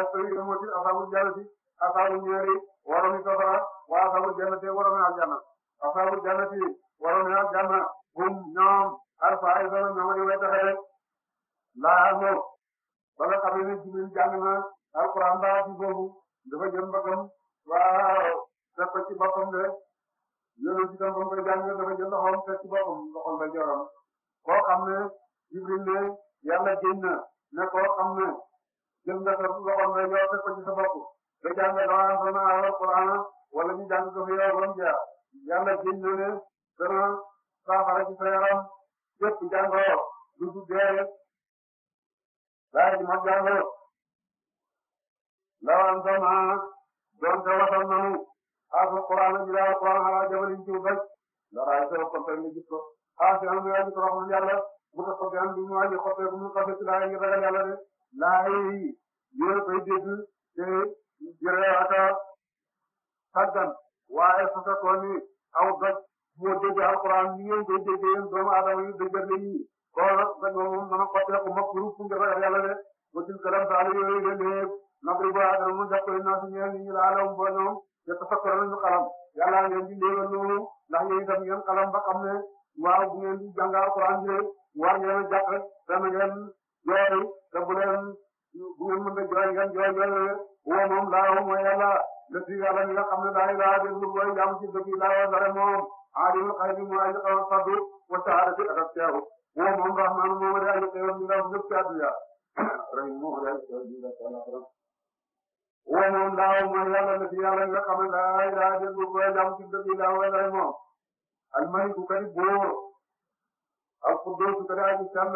asabi yawmati asabul jannati asabul nari waromi safara wa asabul jannati waromi aljanna asabul jannati waromi aljanna hum ñoom alfaizuna ñoom ñu way taxe rek laa mo ba nga xam ne jibril jàng na alquran ba ci boobu dafa jëm bëggam waaw def ko ci boppam de yéen ci tam ba mu koy jàng dafa jël loxoom fekk ci boppam loxoom ba joram koo xam ne jibril ne yàlla génn na ne koo xam ne jël nga sa loxo nga yow teg ko ci sa bopp nga jàng damaa am sama alquran wala ñu jàng ko fi yow ba mu jaar yàlla jël na ne dana saafara ci sa yaram yëpp jàngoro lu ci dee laaj ma jàngoro law am sama donte wasal nanu alquran bi daal alquran ala jabalin ci ubaj la raay sa ko tam gis ko ah si am na yoo yàlla mu def ko gàncax gi mu wàññi xotee bu mu xasee ci laay yi ragal yàlla de laay yi yéen koy dégg te jërëjëf ak saggan waaye su fekkoon ni aw doj moo dégg alquran ni ngeen koy dégg yéen doomu aadama yi déggal la ñuy kon nag moom mën a xotee ku mag pour pour nga ragal yàlla de ba ci kalam daal yooyu la léegi nabri ba adama mu jàpp naa si ñeent ñi la alam ba ñoom te tafakkaroon ñu xalam yàlla ngeen di léegal loolu ndax yéen itam ngeen xalam ba xam ne. waaw bu ngeen di jàng alxuraan bi war ngeen a jàpp dana ngeen jooy te bu leen bu ngeen mën a jooy ngeen jooy jooy woo moom laaw mooy yàlla lépp yàlla mi nga xam ne daal laa déglu booy jàmm ci dëkk yi laaw dara moom aadima xëy na mu ay xaw a faddu wa saara ci ak teewu woo moom rahmaan moom day ay xewam bi nga lépp ci àdduna rahim moom day ay xewam bi nga ci àllaaxira woo moom laaw mooy yàlla lépp yàlla mi nga xam ne daal laa déglu booy jàmm ci dëkk yi laaw dara moom almaliku kadi buur alquddoosu kadi aji sell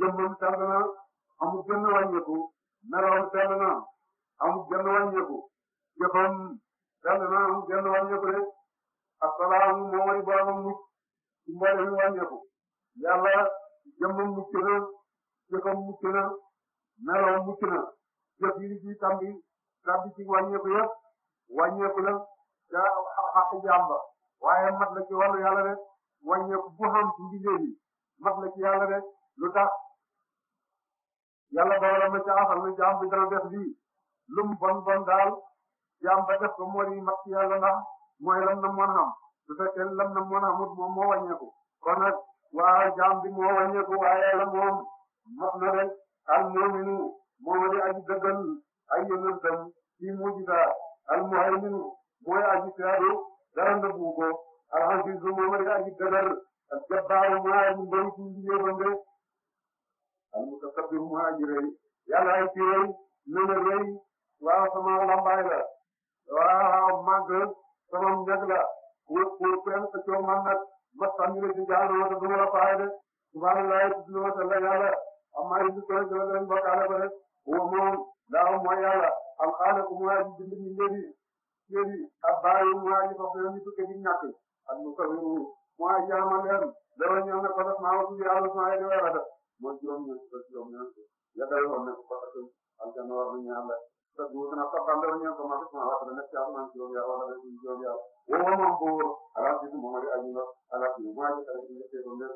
jëmmam sell na amul jënn wàññeeku meloom sell na amul jënn wàññeeku jëfam sell na amul jënn wàññeeku de assalaamu moo way borom mucc ci mboolem wàññeeku yàlla jëmmam mucc na jëfam mucc na meloom mucc na jëf yi ci tàmbi tàmbi ci wàññeeku yëpp wàññeeku la ca xaq jàmba waaye mat la ci wàllu yàlla rek wàññeeku bu xam ci ndigal yi mat la ci yàlla rek lu tax yàlla dawala ma ca afal jaam bi dara def lii lum bon daal jaam ba def ko moo mat ci yàlla ndax mooy lam na moon xam su fekkee lam na moon moom moo wàññeeku kon nag jaam bi moo wàññeeku waaye yàlla moom mat na rek al mu'minu moo di aji dëggal ay yonentam ci mujjiza al muhayminu mooy aji seeru dara nëbbu ko al-aziizu moom rek aji dëgër al-jabbaaru moo aji mbéy ci njëriñam rek al-mutakabbiru moo aji rëy yàlla ay ci rëy nële rëy waaw sama lambaay la waaw màgg sama njëg la pour pour kenn sa coow man nag ma sànni la ci jaanu wala du ma la faay de subhanallah tudd na sell yàlla amma yi ñu koy jëlee leen bokkaale ba rek wa moom daaw mooy yàlla al-xaaliq moo aji bind mbéy mi yéen ab baay yi mooy aji foofu yéen ñu tukkee di ñàkk ak mu ko wéru mooy aji amal leen dara ñëw ne ko def maa wut bi yàlla sama yéen wéra def mooy juróom ñeent ba juróom ñeent ya dal woon ne ko parce que aljanna war nañu yàlla te du dana soppam dara ñëw ko ma ko sama wax dana ci am juróom yàlla wala def juróom yàlla woo moom bu alaati moom ali aji la alaati mooy aji kala ci ñettee ko mbir